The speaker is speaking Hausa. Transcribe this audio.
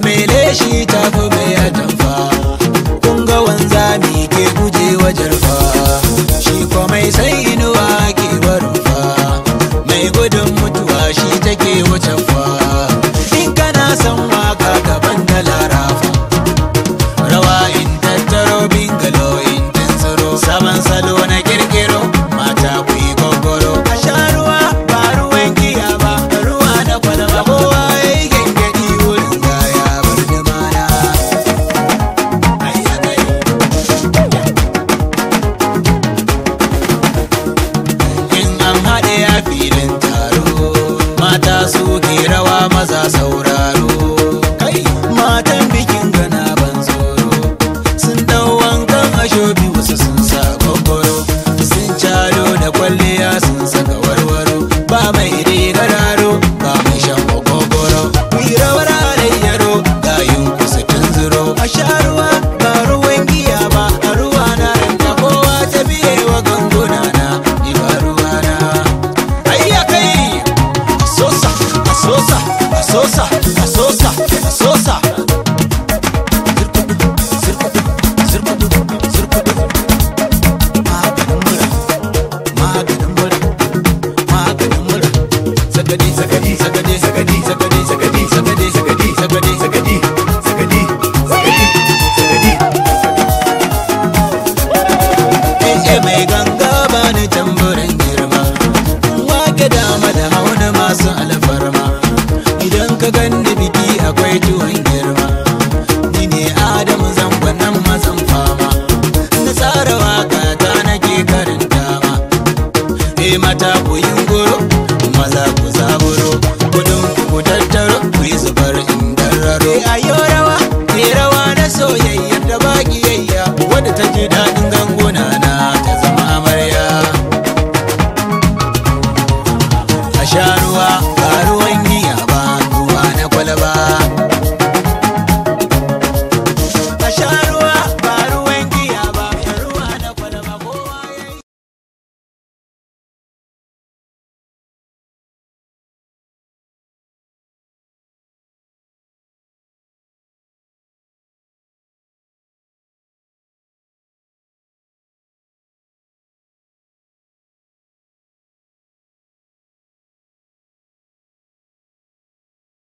ta mele shi ta sosa, a sosa, sosa. ka ganni biki akwai tuwon